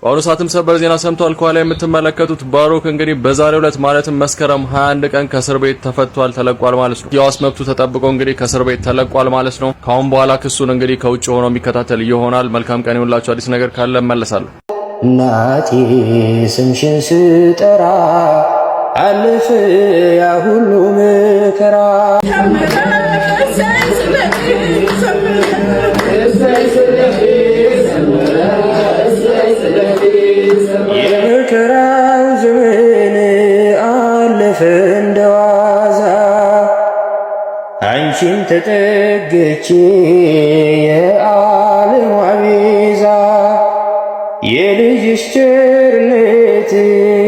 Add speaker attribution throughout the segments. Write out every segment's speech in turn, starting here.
Speaker 1: በአሁኑ ሰዓትም ሰበር ዜና ሰምቷል። ከኋላ የምትመለከቱት ባሮክ እንግዲህ በዛሬው ዕለት ማለትም መስከረም 21 ቀን ከእስር ቤት ተፈቷል፣ ተለቋል ማለት ነው። የዋስ መብቱ ተጠብቆ እንግዲህ ከእስር ቤት ተለቋል ማለት ነው። ከአሁን በኋላ ክሱን እንግዲህ ከውጭ ሆኖ የሚከታተል ይሆናል። መልካም ቀን ይሁንላችሁ። አዲስ ነገር ካለ እመለሳለሁ።
Speaker 2: እናቴ ስምሽን ስጠራ አልፍ ያ ሁሉ መከራ የመከራው ዘመን አለፈ እንደዋዛ አንቺን ተጠግቼ የዓለም አቤዛ የልጅሽ ቸርነት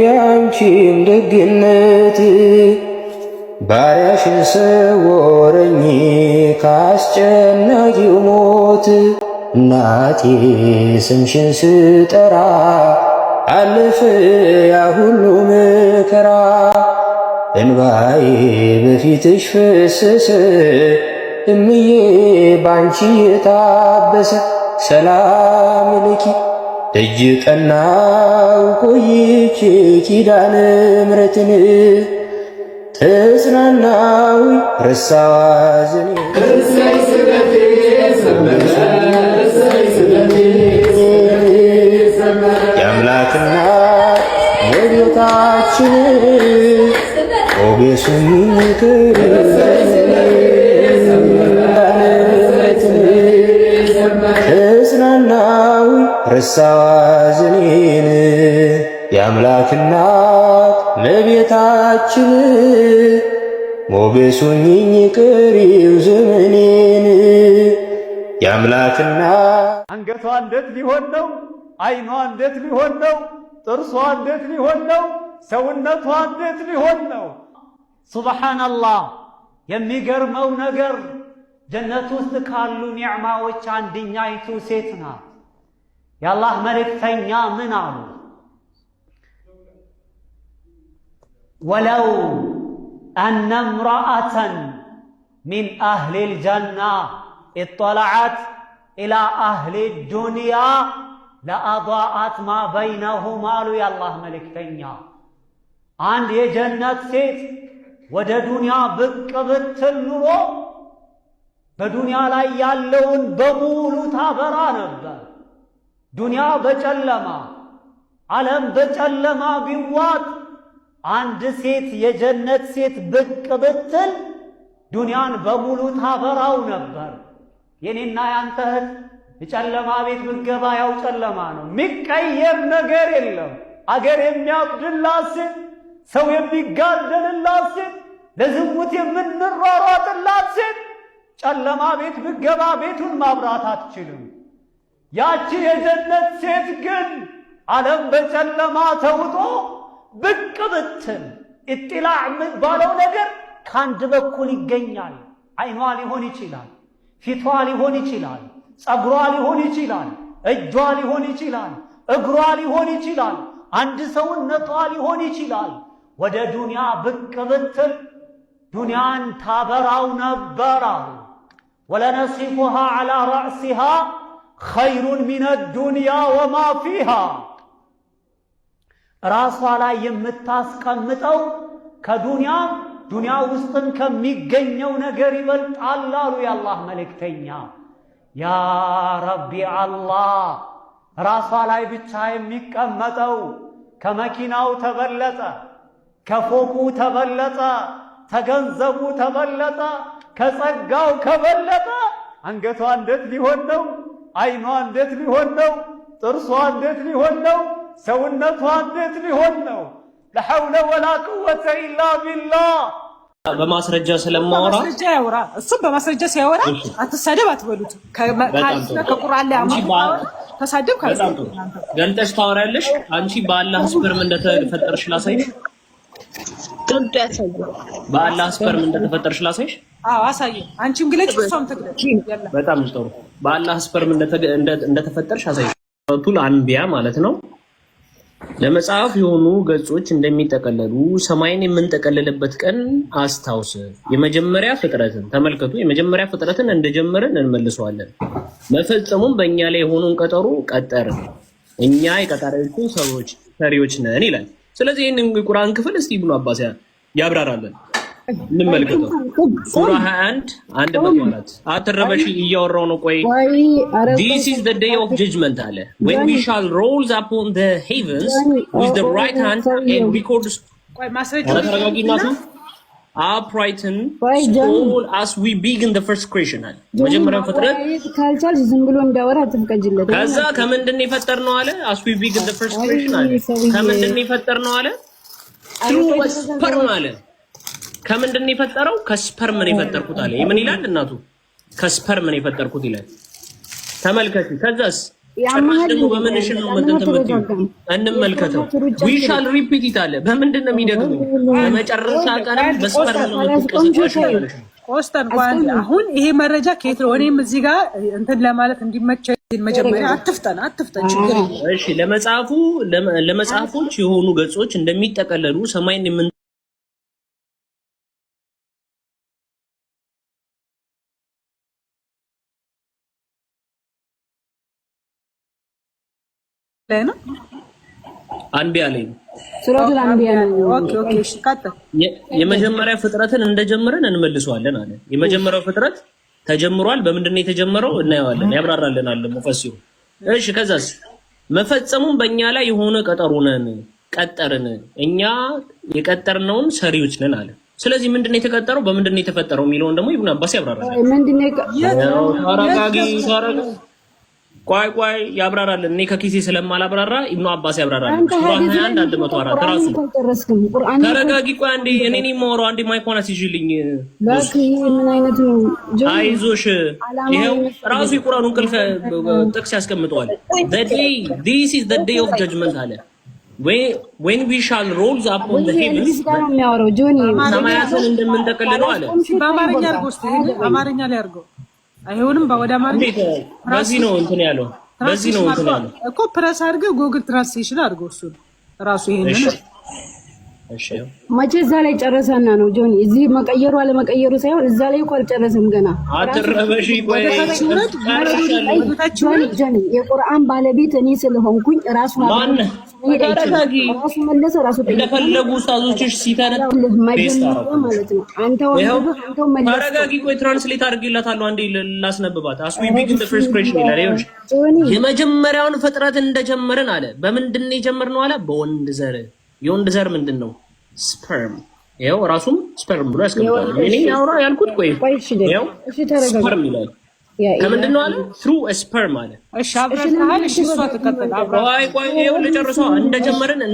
Speaker 2: ያንቺም ደግነት ባሪያሽን ሰወረኝ ካስጨናቂው ሞት እናቴ ስምሽን ስጠራ አለፈ ያ ሁሉ መከራ። እንባዬ በፊትሽ ፈሰሰ እምዬ ባንቺ የታበሰ ሰላም ልኪ ደጅ ቀናው ቆይቼ ኪዳነ ምሕረትን ተጽናናዊ ረሳዋ ዘኔ እጽናናዊ ርሳዋዝኔን ሐዘኔን የአምላክ እናት እመቤታችን ሞገሱኝኝ ቀሪው ዘመኔን የአምላክና
Speaker 1: አንገቷ እንዴት ሊሆን ነው? አይኗ እንዴት ሊሆን ነው? ጥርሷ እንዴት ሊሆን ነው? ሰውነቷ እንዴት ሊሆን ነው?
Speaker 3: سبحان الله يمي قرم أو نقر جنتو ثقالو نعمة وشان دنيا يتو سيتنا يا الله ملك فنيا من ولو أن امرأة من أهل الجنة اطلعت إلى أهل الدنيا لا أضاءت ما بينهما يا الله ملك فنيا عند جنة سيت ወደ ዱንያ ብቅ ብትል ኑሮ በዱንያ ላይ ያለውን በሙሉ ታበራ ነበር። ዱንያ በጨለማ ዓለም በጨለማ ቢዋጥ አንድ ሴት የጀነት ሴት ብቅ ብትል ዱንያን በሙሉ ታበራው ነበር። የኔና ያንተ እህት የጨለማ ቤት ምገባ ያው ጨለማ ነው። የሚቀየር ነገር የለም። አገር የሚያብድላት ሴት፣ ሰው የሚጋደልላት ሴት ለዝሙት የምንሯሯጥላት ሴት ጨለማ ቤት ብገባ ቤቱን ማብራት አትችልም። ያቺ የጀነት ሴት ግን ዓለም በጨለማ ተውጦ ብቅ ብትል ኢጥላዕ የሚባለው ነገር ከአንድ በኩል ይገኛል። አይኗ ሊሆን ይችላል፣ ፊቷ ሊሆን ይችላል፣ ጸጉሯ ሊሆን ይችላል፣ እጇ ሊሆን ይችላል፣ እግሯ ሊሆን ይችላል፣ አንድ ሰውነቷ ሊሆን ይችላል። ወደ ዱንያ ብቅ ብትል ዱንያን ታበራው ነበር አሉ። ወለነሲፉሃ ዐላ ረዕሲሃ ኸይሩን ሚነ ዱንያ ወማ ፊሃ ራሷ ላይ የምታስቀምጠው ከዱንያ ዱንያ ውስጥም ከሚገኘው ነገር ይበልጣል አሉ የአላህ መልእክተኛ። ያ ረቢ አላህ ራሷ ላይ ብቻ የሚቀመጠው ከመኪናው ተበለጠ፣ ከፎቁ ተበለጠ ተገንዘቡ ተበለጠ ከጸጋው ከበለጠ አንገቷ እንዴት ሊሆን ነው? አይኗ እንዴት ሊሆን ነው? ጥርሷ እንዴት ሊሆን ነው? ሰውነቷ እንዴት ሊሆን ነው? ለሐውለ ወላ ቁወተ ኢላ ቢላህ።
Speaker 4: በማስረጃ ስለማወራ
Speaker 5: ማስረጃ ያወራ እሱም በማስረጃ ሲያወራ አትሳደብ አትበሉት። ከቁርአን ላይ ተሳደብ
Speaker 6: ገልጠሽ ታወሪያለሽ። አንቺ በአላህ ስፐርም እንደተፈጠርሽ ላሳይሽ
Speaker 5: ጭብጡ ያሳየው
Speaker 6: በአላህ ስፐርም እንደተፈጠርሽ ላሳይሽ።
Speaker 5: አዎ አሳየ። አንቺም ግለጭ፣
Speaker 6: እሷም ትግለጭ። በጣም ጥሩ። በአላህ ስፐርም እንደተፈጠርሽ አሳይሽ። ሱረቱል አንቢያ ማለት ነው። ለመጽሐፍ የሆኑ ገጾች እንደሚጠቀለሉ ሰማይን የምንጠቀልልበት ቀን አስታውስ። የመጀመሪያ ፍጥረትን ተመልከቱ። የመጀመሪያ ፍጥረትን እንደጀመርን እንመልሰዋለን። መፈጸሙም በእኛ ላይ የሆኑን ቀጠሮ ቀጠርን። እኛ የቀጣሪዎቹ ሰዎች ሰሪዎች ነን ይላል። ስለዚህ ይህንን ቁርአን ክፍል እስቲ ብኑ አባስ ያብራራለን እንመልከተው። ሱራ 21 አንድ መቶ አራት አትረበሽ፣ እያወራው ነው። ቆይ this is the day of judgment አለ when we shall roll upon the heavens with the right hand and record ቆይ ማስረጃ ተረጋጊ እናቱ አፕራይትን ሶል አስ ዊ ቢግ ኢን ዘ ፈርስት ክሬሽን አለ። መጀመሪያው ፍጥረት
Speaker 5: ካልቻልሽ ዝም ብሎ እንዳወራ አትፍቀጅለት።
Speaker 6: ከዛ ከምንድን ነው የፈጠርነው አለ። አስ ዊ ቢግ ዘ ፈርስት ክሬሽን አለ። ከምንድን ነው የፈጠርነው አለ። ትሩ ስፐርም አለ። ከምንድን ነው የፈጠረው? ከስፐርም ነው የፈጠርኩት አለ። ምን ይላል እናቱ? ከስፐርም ነው የፈጠርኩት ይላል። ከዛስ ደግሞ በምንሽን ነው ምንድን እንመልከተው። ዊሻል ሪፒት ይታለ በምንድን ነው
Speaker 5: አሁን ይሄ መረጃ ከየት ነው? እኔም እዚህ ጋር እንትን ለማለት እንዲመቸኝ መጀመሪያ አትፍጠን አትፍጠን፣ ችግር
Speaker 6: እሺ ለመጽሐፉ ለመጽሐፎች የሆኑ ገጾች እንደሚጠቀለሉ ሰማይን የምን ላይ ነው። አንቢያ ላይ
Speaker 5: ሱረቱል አንቢያ ነው።
Speaker 6: ኦኬ ኦኬ። እሺ ቀጥል። የመጀመሪያ ፍጥረትን እንደጀመረን እንመልሰዋለን አለ። የመጀመሪያው ፍጥረት ተጀምሯል። በምንድን ነው የተጀመረው? እናየዋለን፣ ያብራራልናል ሙፈሲሩ። እሺ ከዛስ መፈጸሙም በእኛ ላይ የሆነ ቀጠሮ ነን ቀጠርን እኛ የቀጠርነውን ሰሪዎች ነን አለ። ስለዚህ ምንድን ነው የተቀጠረው? በምንድን ነው የተፈጠረው የሚለውን ደግሞ ኢብኑ አባስ ያብራራል። ምንድን ነው ተረጋጊ፣ ተረጋጊ ቋይ ቋይ ያብራራልን። እኔ ከኪሴ ስለማላብራራ ኢብኑ አባስ ያብራራልን። ተረጋጊ። ቆይ አንዴ ራሱ የቁራኑ እንቅልፍ ጥቅስ ያስቀምጠዋል። ኦፍ ጀጅመንት አለ ዊ ሻል ሮል እንደምንጠቀልለው አለ።
Speaker 5: በአማርኛ አድርገው አይሆንም። ወደ አማርኛ
Speaker 6: በዚህ ነው እንትን ያለው
Speaker 5: በዚህ ነው እንትን ያለው እኮ ፕረስ አድርገህ ጎግል ትራንስሌሽን አድርገው እሱ ራሱ ይሄንን መቼ እዛ ላይ ጨረሰና ነው ጆኒ፣ እዚህ መቀየሩ አለመቀየሩ ሳይሆን እዛ ላይ እኮ አልጨረሰም ገና።
Speaker 6: አትረበሽ።
Speaker 5: የቁርአን ባለቤት እኔ ስለሆንኩኝ ራሱ መለሰ ራሱ
Speaker 6: እንደፈለጉ ኡስታዞችሽ ሲተነልህ ማለት ነው። ተረጋጊ። ቆይ ትራንስሌት አድርጌላታለሁ። አንዴ ላስነብባት። አስ ዊ ዘ ፈርስት ክሬሽን ይላል። ይኸውልሽ የመጀመሪያውን ፍጥረት እንደጀመርን አለ። በምንድን ነው የጀመርነው አለ በወንድ ዘር የወንድ ዘር ምንድን ነው? ስፐርም። ይኸው ራሱም ስፐርም ብሎ ያስቀምጣል። እኔ አውራ ያልኩት ቆይ ይኸው ስፐርም ይላል። ከምንድን ነው አለ ትሩ ስፐርም አለ። ቆይ ቆይ ይኸው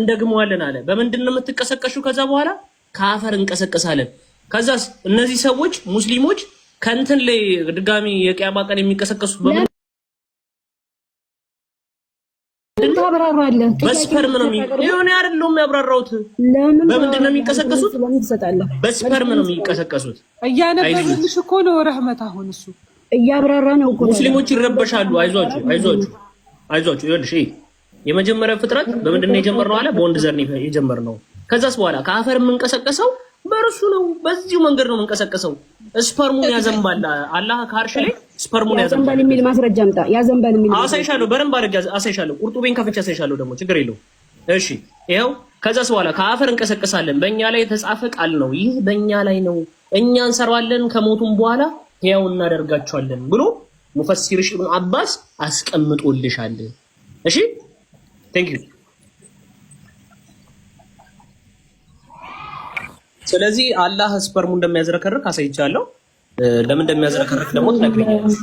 Speaker 6: እንደግመዋለን አለ። በምንድን ነው የምትቀሰቀሹ? ከዛ በኋላ ከአፈር እንቀሰቀሳለን። ከዛ እነዚህ ሰዎች ሙስሊሞች ከእንትን ላይ ድጋሚ የቅያማ ቀን የሚቀሰቀሱት በምን
Speaker 5: እናብራራለን።
Speaker 6: በስፐርም ነው የሆነ አይደለም የሚያብራራውት። በምንድን ነው የሚንቀሰቀሱት? በስፐርም ነው የሚንቀሰቀሱት።
Speaker 5: እያነበብልሽ እኮ ነው ረህመት። አሁን እሱ እያብራራ ነው።
Speaker 6: ሙስሊሞች ይረበሻሉ። አይዟችሁ፣ አይዟችሁ፣ አይዟችሁ። ይኸውልሽ የመጀመሪያ ፍጥረት በምንድን ነው የጀመርነው አለ። በወንድ ዘር ነው የጀመርነው። ከዛስ በኋላ ከአፈር የምንቀሰቀሰው በእርሱ ነው። በዚሁ መንገድ ነው የምንቀሰቀሰው። ስፐርሙን ያዘንባል አላህ ከአርሽ ላይ ስፐርሙን ያዘንበል
Speaker 5: የሚል ማስረጃ አምጣ። ያዘንበል
Speaker 6: የሚል አሳይሻለሁ፣ በደንብ አድርጌ አሳይሻለሁ። ቁርጡቤን ከፍቼ አሳይሻለሁ። ደግሞ ችግር የለውም። እሺ ይኸው። ከዛስ በኋላ ከአፈር እንቀሰቀሳለን በእኛ ላይ የተጻፈ ቃል ነው። ይህ በእኛ ላይ ነው። እኛ እንሰራዋለን፣ ከሞቱም በኋላ ሕያው እናደርጋቸዋለን ብሎ ሙፈሲርሽ ኢብኑ አባስ አስቀምጦልሻል። እሺ ቴንክ ዩ። ስለዚህ አላህ ስፐርሙ እንደሚያዝረከርክ አሳይቻለሁ። ለምን እንደሚያዝረከረክ ደግሞ ትነግረኛለህ።